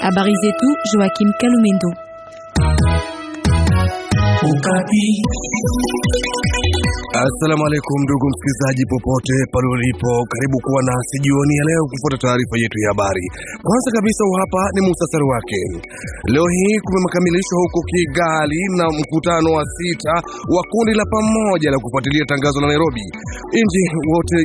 À Barizetu, Joachim Calumendo. Assalamu alaikum ndugu msikilizaji, popote pale ulipo, karibu kuwa nasi jioni ya leo kufuata taarifa yetu ya habari. Kwanza kabisa, hapa ni muhtasari wake. Leo hii kumekamilishwa huko Kigali na mkutano wa sita wa kundi la pamoja la kufuatilia tangazo la Nairobi. Nchi wote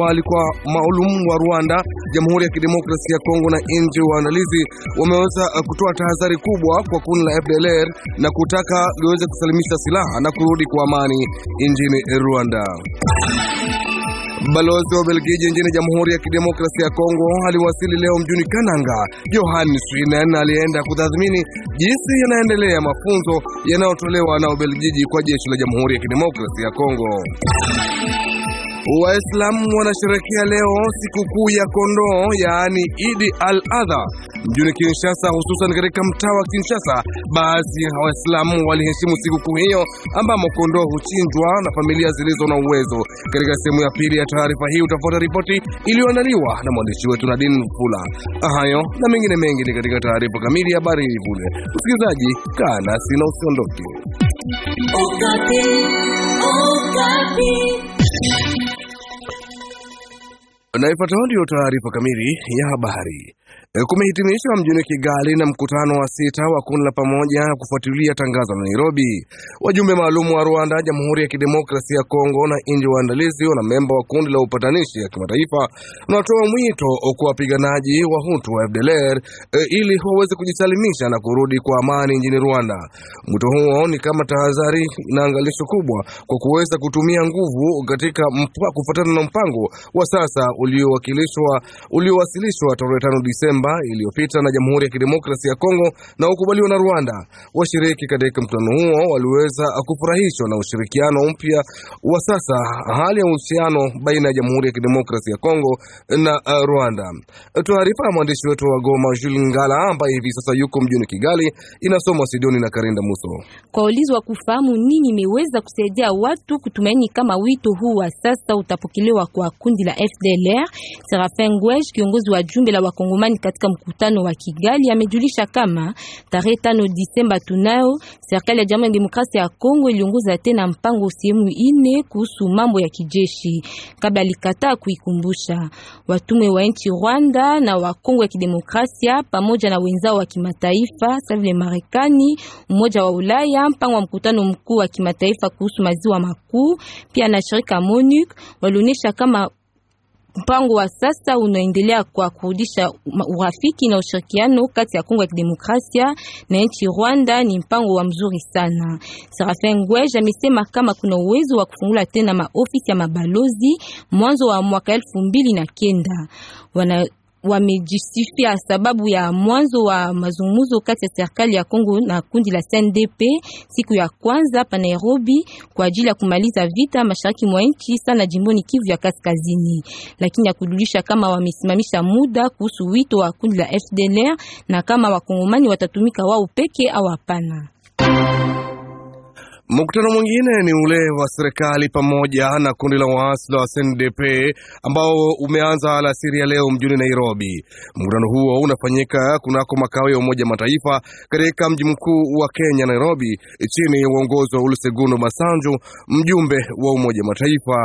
walikuwa maalum wa Rwanda Jamhuri ya Kidemokrasia ya Kongo na nje, waandalizi wameweza uh, kutoa tahadhari kubwa kwa kundi la FDLR na kutaka liweze kusalimisha silaha na kurudi kwa amani nchini Rwanda. Balozi wa Belgiji nchini Jamhuri ya Kidemokrasia ya Kongo aliwasili leo mjini Kananga, Johannes Swinen alienda kutathmini jinsi yanaendelea mafunzo yanayotolewa na Ubelgiji kwa jeshi la Jamhuri ya Kidemokrasia ya Kongo. Waislamu wanasherekea leo sikukuu ya kondoo, yaani Idi al Adha mjini Kinshasa, hususan katika mtaa wa Kinshasa. Baadhi ya Waislamu waliheshimu sikukuu hiyo ambamo kondoo huchinjwa na familia zilizo na uwezo. Katika sehemu ya pili ya taarifa hii utafuata ripoti iliyoandaliwa na mwandishi wetu Nadine Fula. Hayo na mengine mengi ni katika taarifa kamili ya habari hii punde. Msikilizaji, kaa nasi na usiondoke. Na ifuatayo ndiyo taarifa kamili ya habari. E, kumehitimishwa mjini Kigali na mkutano wa sita wa kundi la pamoja kufuatilia tangazo la Nairobi. Wajumbe maalum wa Rwanda, Jamhuri ya Kidemokrasia ya Kongo na nchi waandalizi na memba wa kundi la upatanishi ya kimataifa wanatoa mwito kwa wapiganaji wa Hutu wa FDLR e, ili waweze kujisalimisha na kurudi kwa amani nchini Rwanda. Mwito huo ni kama tahadhari na angalisho kubwa kwa kuweza kutumia nguvu katika kufuatana na mpango wa sasa uliowasilishwa tarehe 5 Desemba iliyopita na Jamhuri ya Kidemokrasia ya Kongo na ukubaliwa na Rwanda. Washiriki katika mkutano huo waliweza kufurahishwa na ushirikiano mpya wa sasa, hali ya uhusiano baina ya Jamhuri ya Kidemokrasia ya Kongo na uh, Rwanda. Taarifa ya mwandishi wetu wa Goma Jules Ngala ambaye hivi sasa yuko mjini Kigali inasomwa Sidoni na Karinda Muso. Kwa ulizwa kufahamu nini imeweza kusaidia watu kutumaini kama wito huu wa sasa utapokelewa kwa kundi la FDLR, Serafin Gwej, kiongozi wa jumbe la wakongomani amani katika mkutano wa Kigali amejulisha kama tarehe tano Disemba tunao serikali ya Jamhuri ya Demokrasia ya Kongo iliongoza tena mpango sehemu ine kuhusu mambo ya kijeshi, kabla alikataa kuikumbusha watume wa nchi Rwanda na wa Kongo ya Kidemokrasia pamoja na wenzao wa kimataifa sawa vile Marekani, Umoja wa Ulaya, mpango wa mkutano mkuu wa kimataifa kuhusu maziwa makuu pia na shirika MONUC walionyesha kama Mpango wa sasa unaendelea kwa kurudisha urafiki na ushirikiano kati ya Kongo ya Kidemokrasia na nchi Rwanda. Ni mpango wa mzuri sana. Serafin Ngwej amesema kama kuna uwezo wa kufungula tena maofisi ya mabalozi mwanzo wa mwaka elfu mbili na kenda wana wamejisifia sababu ya mwanzo wa mazungumzo kati ya serikali ya Kongo na kundi la CNDP siku ya kwanza hapa Nairobi kwa ajili ya kumaliza vita mashariki mwa nchi sana jimboni Kivu ya Kaskazini, lakini ya kudulisha kama wamesimamisha muda kuhusu wito wa kundi la FDLR na kama wakongomani watatumika wao peke au hapana. Mkutano mwingine ni ule wa serikali pamoja na kundi la waasi la SNDP ambao umeanza alasiri ya leo mjini Nairobi. Mkutano huo unafanyika kunako makao ya Umoja Mataifa katika mji mkuu wa Kenya, Nairobi, chini ya uongozi wa Olusegun Obasanjo, mjumbe wa Umoja Mataifa.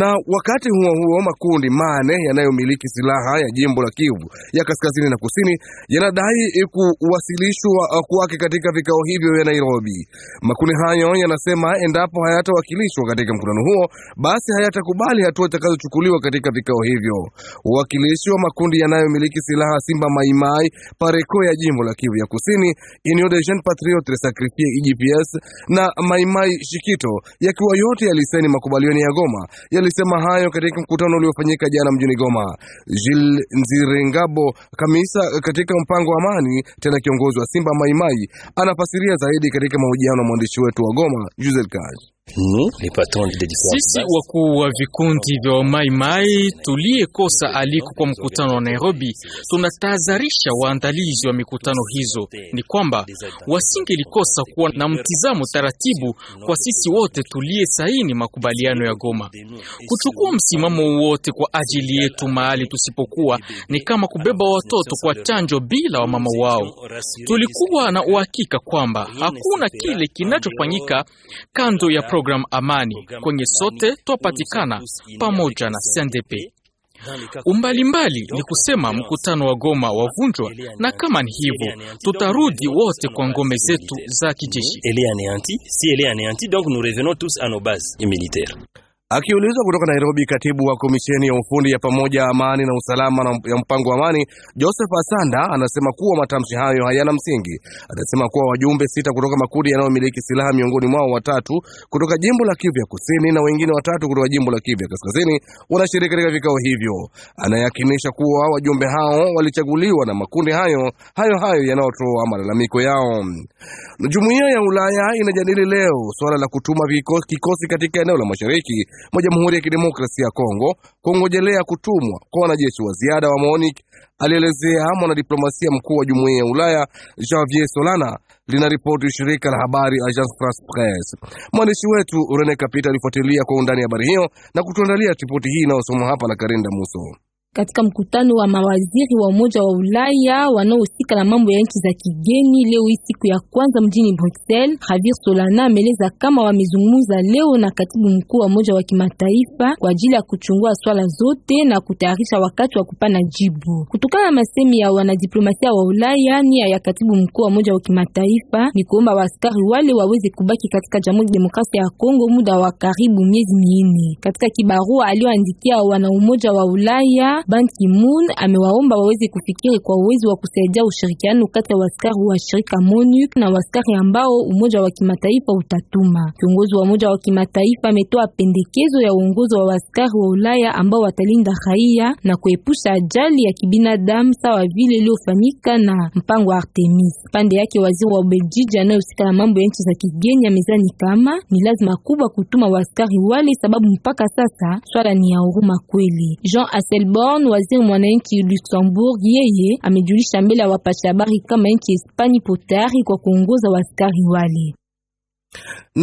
Na wakati huo huo, makundi mane yanayomiliki silaha ya jimbo la Kivu ya kaskazini na kusini yanadai kuwasilishwa kwake katika vikao hivyo vya Nairobi. Makundi Makundi hayo yanasema endapo hayatawakilishwa katika mkutano huo, basi hayatakubali hatua itakazochukuliwa katika vikao hivyo. Uwakilishi wa makundi yanayomiliki silaha Simba Maimai, Pareko ya jimbo la Kivu ya Kusini, Union des Jeunes Patriotes e na Maimai Shikito, yakiwa yote yalisaini makubaliano ya Goma, yalisema hayo katika mkutano uliofanyika jana mjini Goma. Jules Nzirengabo Kamisa, katika mpango wa amani, tena kiongozi wa Simba Maimai, anafasiria zaidi katika mahojiano na mwandishi wetu wa Goma Josel Kaji. Hmm? Sisi wakuu wa vikundi vya wamaimai tuliyekosa aliko kwa mkutano wa Nairobi, tunatahadharisha waandalizi wa mikutano hizo ni kwamba wasingelikosa kuwa na mtizamo taratibu kwa sisi wote tuliyesaini makubaliano ya Goma. Kuchukua msimamo wote kwa ajili yetu mahali tusipokuwa ni kama kubeba watoto kwa chanjo bila wamama wao. Tulikuwa na uhakika kwamba hakuna kile kinachofanyika kando ya program Amani kwenye sote twapatikana pamoja na CNDP. Umbalimbali ni kusema mkutano wa Goma wavunjwa, na kama ni hivyo tutarudi wote kwa ngome zetu za kijeshi. Akiulizwa kutoka Nairobi, katibu wa komisheni ya ufundi ya pamoja amani na usalama na ya mpango wa amani Joseph Asanda anasema kuwa matamshi hayo hayana msingi. Anasema kuwa wajumbe sita kutoka makundi yanayomiliki silaha, miongoni mwao watatu kutoka jimbo la Kivu ya kusini na wengine watatu kutoka jimbo la Kivu ya kaskazini wanashiriki katika vikao hivyo. Anayakinisha kuwa wajumbe hao walichaguliwa na makundi hayo hayo hayo yanayotoa malalamiko yao. Jumuiya ya Ulaya inajadili leo suala la kutuma kikosi katika eneo la mashariki mwa Jamhuri ya Kidemokrasia ya Kongo kuongojelea kutumwa kwa wanajeshi wa ziada wa MONUC, alielezea mwanadiplomasia mkuu wa Jumuiya ya Ulaya Javier Solana, linaripoti shirika la habari Agence France Presse. Mwandishi wetu Rene Kapita alifuatilia kwa undani habari hiyo na kutuandalia ripoti hii inayosomwa hapa na Karinda Muso katika mkutano wa mawaziri wa Umoja wa Ulaya wanaohusika na mambo ya nchi za kigeni leo hii siku ya kwanza mjini Bruxelles. Javier Solana ameleza kama wamezungumza leo na katibu mkuu wa Umoja wa Kimataifa kwa ajili ya kuchungua swala zote na kutayarisha wakati wa kupana jibu. Kutokana na masemi ya wanadiplomasia wa Ulaya, nia ya katibu mkuu wa Umoja wa Kimataifa ni kuomba waskari wale waweze kubaki katika Jamhuri ya Demokrasia ya Kongo muda wa karibu miezi minne. Katika kibarua aliyoandikia wana Umoja wa Ulaya Ban Ki-moon amewaomba waweze kufikiri kwa uwezo wa kusaidia ushirikiano kati ya waskari wa shirika MONUC na waskari ambao umoja wa kimataifa utatuma. Kiongozi wa umoja wa kimataifa ametoa pendekezo ya uongozi wa waskari wa Ulaya ambao watalinda raia na kuepusha ajali ya kibinadamu sawa vile iliyofanyika na mpango wa Artemis. Pande yake, waziri wa Ubelgiji anayehusika na mambo ya nchi za kigeni amezani kama ni lazima kubwa kutuma waskari wale, sababu mpaka sasa swala ni ya huruma kweli. Jean Asselborn Brown, waziri mwananchi Luxembourg, yeye amejulisha mbele ya wapasha habari kama nchi Hispania ipo tayari kwa kuongoza waskari wale.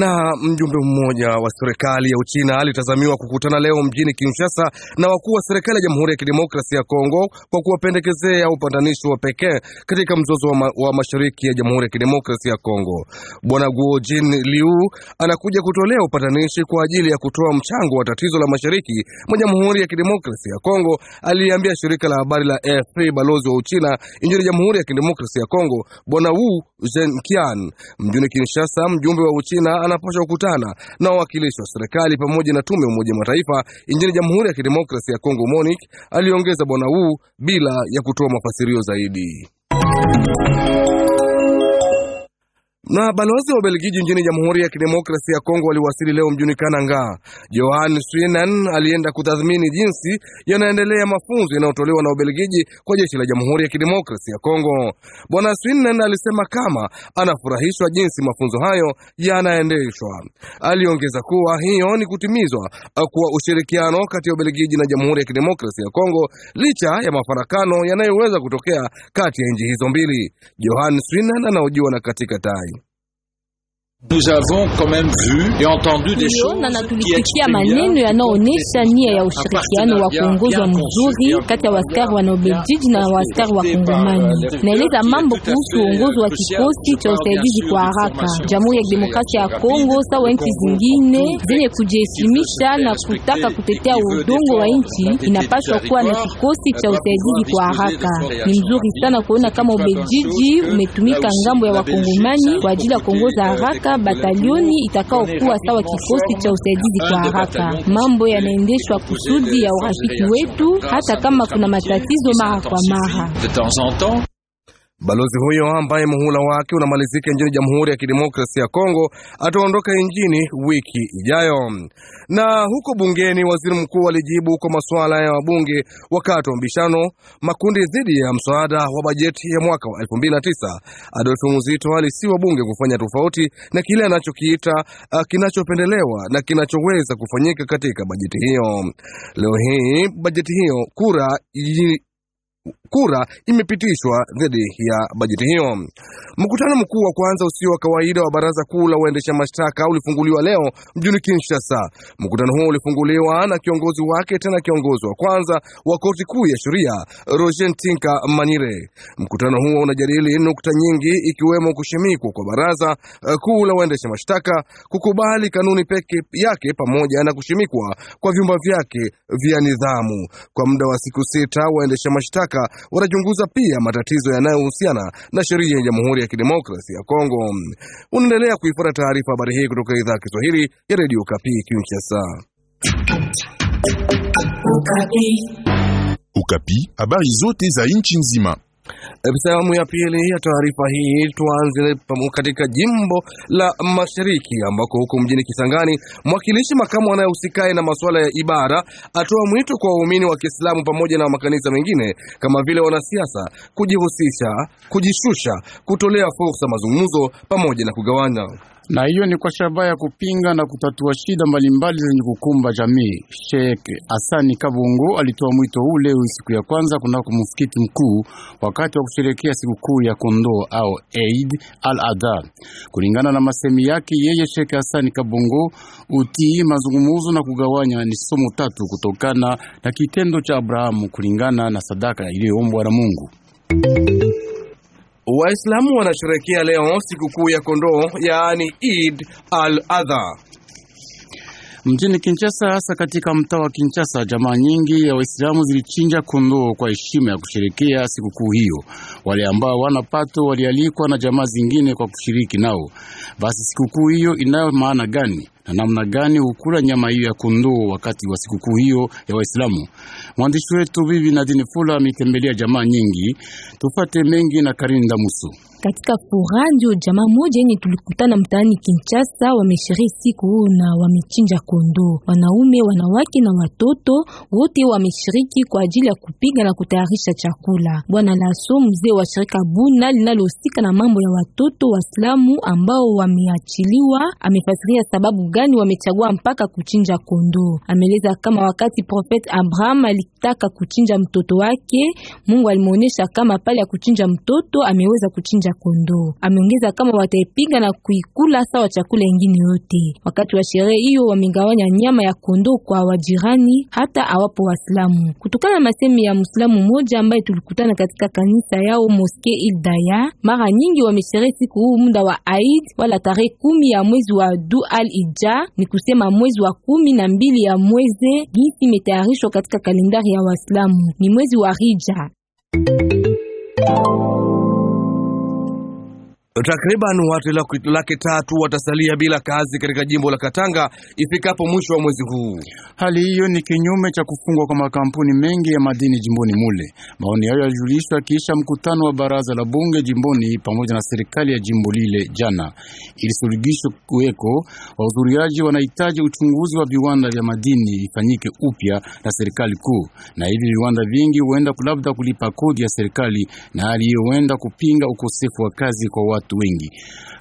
Na mjumbe mmoja wa serikali ya Uchina alitazamiwa kukutana leo mjini Kinshasa na wakuu wa serikali ya Jamhuri ya Kidemokrasia ya Kongo kwa kuwapendekezea upatanishi wa pekee katika mzozo wa, ma wa mashariki ya Jamhuri ya Kidemokrasia ya Kongo. Bwana Jin Liu anakuja kutolea upatanishi kwa ajili ya kutoa mchango wa tatizo la mashariki mwa Jamhuri ya Kidemokrasia ya Kongo, aliambia shirika la habari la AFP balozi wa Uchina nchini Jamhuri ya Kidemokrasia ya Kongo Bwana Wu Zhenqian mjini Kinshasa. Mjumbe wa Uchina anapaswa kukutana na wawakilishi wa serikali pamoja na tume ya Umoja Mataifa nchini Jamhuri ya Kidemokrasia ya Kongo, MONUC, aliongeza bwana Wu bila ya kutoa mafasirio zaidi. Na balozi wa Ubelgiji nchini Jamhuri ya Kidemokrasia ya Kongo waliwasili leo mjini Kananga. Johan Swinan alienda kutathmini jinsi yanaendelea mafunzo yanayotolewa na Ubelgiji kwa jeshi la Jamhuri ya Kidemokrasia ya Kongo. Bwana Swinan alisema kama anafurahishwa jinsi mafunzo hayo yanaendeshwa. Aliongeza kuwa hiyo ni kutimizwa kwa ushirikiano kati ya Ubelgiji na Jamhuri ya Kidemokrasia ya Kongo licha ya mafarakano yanayoweza kutokea kati ya nchi hizo mbili. Johan Swinan anaojiwa na katika tai Nous avons quand même vu et entendu des Niona na tulisikia maneno yanayoonyesha nia ya ushirikiano wa kuongozwa mzuri kati ya waskari wa Nobeljiji na waskari wa Kongomani. Naeleza mambo kuhusu uongozi wa kikosi cha usaidizi kwa haraka. Jamhuri ya Demokrasia ya Kongo sawa nchi zingine zenye kujiheshimisha na kutaka kutetea udongo wa nchi inapaswa kuwa na kikosi cha usaidizi kwa haraka. Ni mzuri sana kuona kama Ubeljiji umetumika ngambo ya Wakongomani kwa ajili ya kuongoza haraka kuweka batalioni itakaokuwa sawa kikosi cha usaidizi kwa haraka. Mambo yanaendeshwa kusudi ya urafiki wetu, hata kama kuna matatizo mara kwa mara. Balozi huyo ambaye muhula wake unamalizika nchini Jamhuri ya Kidemokrasia ya Kongo ataondoka nchini wiki ijayo. Na huko bungeni, waziri mkuu alijibu kwa masuala ya wabunge wakati wa mbishano makundi dhidi ya mswada wa bajeti ya mwaka wa 2009. Adolfo Muzito alisiwa bunge kufanya tofauti na kile anachokiita kinachopendelewa na kinachoweza kufanyika katika bajeti hiyo. Leo hii bajeti hiyo kura kura imepitishwa dhidi ya bajeti hiyo. Mkutano mkuu wa kwanza usio wa kawaida wa baraza kuu la waendesha mashtaka ulifunguliwa leo mjini Kinshasa. Mkutano huo ulifunguliwa na kiongozi wake tena kiongozi wa kwanza wa korti kuu ya sheria Roger Tinka Manire. Mkutano huo unajadili nukta nyingi ikiwemo kushimikwa kwa baraza eh, kuu la waendesha mashtaka, kukubali kanuni peke yake pamoja na kushimikwa kwa vyumba vyake vya nidhamu. Kwa muda wa siku sita waendesha mashtaka wanachunguza pia matatizo yanayohusiana na sheria ya Jamhuri ya Kidemokrasia ya Kongo. Unaendelea kuifuata taarifa habari hii kutoka idhaa ya Kiswahili ya radio Kapi Kinshasa. Ukapi, habari zote za nchi nzima Sehemu ya pili ya taarifa hii tuanze katika jimbo la Mashariki ambako huko mjini Kisangani mwakilishi makamu anayehusikaye na masuala ya ibada atoa mwito kwa waumini wa Kiislamu pamoja na makanisa mengine kama vile wanasiasa kujihusisha, kujishusha, kutolea fursa mazungumzo pamoja na kugawanya na hiyo ni kwa shabaha ya kupinga na kutatua shida mbalimbali zenye kukumba jamii. Sheikh hasani Kabongo alitoa mwito huu leo siku ya kwanza kunako msikiti mkuu wakati wa kusherehekea sikukuu ya kondoo au Eid al-Adha. Kulingana na masemi yake yeye, Sheikh hasani Kabongo, utii, mazungumzo na kugawanya ni somo tatu kutokana na kitendo cha Abrahamu kulingana na sadaka iliyoombwa na Mungu. Waislamu wanasherekea leo sikukuu ya kondoo, yaani Eid al-Adha mjini Kinshasa, hasa katika mtaa wa Kinshasa, jamaa nyingi ya Waislamu zilichinja kondoo kwa heshima ya kusherekea sikukuu hiyo. Wale ambao wana pato walialikwa na jamaa zingine kwa kushiriki nao. Basi sikukuu hiyo inayo maana gani na namna gani hukula nyama hiyo ya kondoo wakati wa sikukuu hiyo ya Waislamu? Mwandishi wetu Bibi Nadine Fula ametembelea jamaa nyingi, tufate mengi na Karinda Muso. Katika kuranjo jamaa moja yenye tulikutana mtaani Kinshasa, wameshiri siku na wamechinja kondoo. Wanaume, wanawake na watoto wote wameshiriki kwa ajili ya kupiga na kutayarisha chakula. Bwana Laso, mzee wa shirika Buna linalohusika na mambo ya watoto Waislamu ambao wameachiliwa, amefasiria sababu gani wamechagua mpaka kuchinja kondoo. Ameeleza kama wakati Prophet Abraham alitaka kuchinja mtoto wake, Mungu alimuonesha kama pale ya kuchinja mtoto ameweza kuchinja cha kondoo. Ameongeza kama wataipiga na kuikula sawa chakula ingine yote. Wakati wa sherehe hiyo wamegawanya nyama ya kondoo kwa wajirani, hata awapo Waislamu, kutokana na masemi ya Muislamu mmoja ambaye tulikutana katika kanisa yao Moske Ildaya. Mara nyingi wamesherehe siku huu muda wa Aid wala tarehe kumi ya mwezi wa Du al Ija, ni kusema mwezi wa kumi na mbili ya mwezi gisi imetayarishwa katika kalendari ya Waislamu, ni mwezi wa Rija. Takriban watu laki tatu watasalia bila kazi katika jimbo la Katanga ifikapo mwisho wa mwezi huu. Hali hiyo ni kinyume cha kufungwa kwa makampuni mengi ya madini jimboni mule. Maoni hayo yajulishwa kisha mkutano wa baraza la bunge jimboni pamoja na serikali ya jimbo lile jana. Ili suluhisho kuweko, wahudhuriaji wanahitaji uchunguzi wa viwanda vya madini ifanyike upya na serikali kuu, na hivi viwanda vingi huenda labda kulipa kodi ya serikali, na hali hiyo huenda kupinga ukosefu wa kazi kwa watu watu wengi.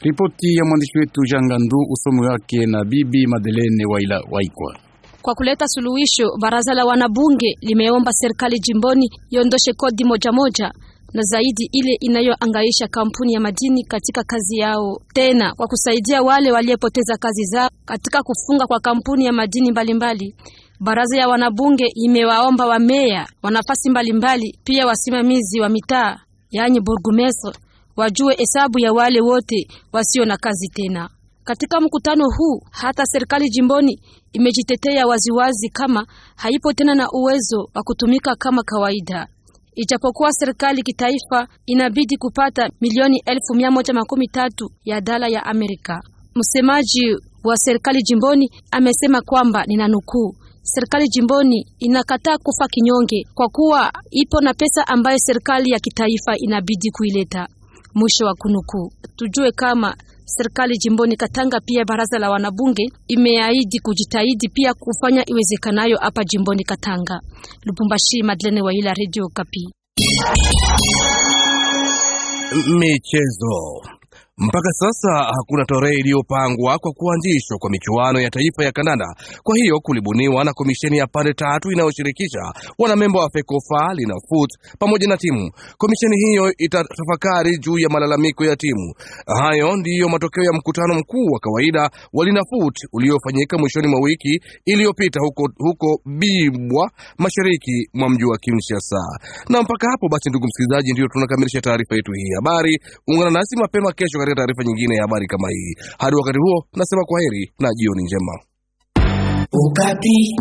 Ripoti ya mwandishi wetu Jangandu usomi wake na Bibi Madeleine Waila Waikwa. Kwa kuleta suluhisho, baraza la wanabunge limeomba serikali jimboni iondoshe kodi moja moja na zaidi ile inayoangaisha kampuni ya madini katika kazi yao, tena kwa kusaidia wale waliopoteza kazi zao katika kufunga kwa kampuni ya madini mbalimbali mbali. Baraza ya wanabunge imewaomba wameya wa nafasi mbalimbali, pia wasimamizi wa mitaa, yaani burgomestre wajue hesabu ya wale wote wasio na kazi tena. Katika mkutano huu hata serikali jimboni imejitetea waziwazi kama haipo tena na uwezo wa kutumika kama kawaida, ijapokuwa serikali kitaifa inabidi kupata milioni elfu mia moja makumi tatu ya dala ya Amerika. Msemaji wa serikali jimboni amesema kwamba nina nukuu, serikali jimboni inakataa kufa kinyonge kwa kuwa ipo na pesa ambayo serikali ya kitaifa inabidi kuileta. Mwisho wa kunukuu. Tujue kama serikali jimboni Katanga pia baraza la wanabunge imeahidi kujitahidi pia kufanya iwezekanayo hapa jimboni Katanga. Lubumbashi, Madlene Waila, Radio Kapi. Michezo mpaka sasa hakuna tarehe iliyopangwa kwa kuanzishwa kwa michuano ya taifa ya kandanda. Kwa hiyo kulibuniwa na komisheni ya pande tatu inayoshirikisha wanamemba wa FECOFA, LINAFUT pamoja na timu. Komisheni hiyo itatafakari juu ya malalamiko ya timu. Hayo ndiyo matokeo ya mkutano mkuu wa kawaida wa LINAFUT uliofanyika mwishoni mwa wiki iliyopita huko, huko Bibwa, mashariki mwa mji wa Kinshasa. Na mpaka hapo basi, ndugu msikilizaji, ndio tunakamilisha taarifa yetu hii habari. Ungana nasi mapema kesho katika taarifa nyingine ya habari kama hii. Hadi wakati huo, nasema kwaheri na jioni njema. Ukati.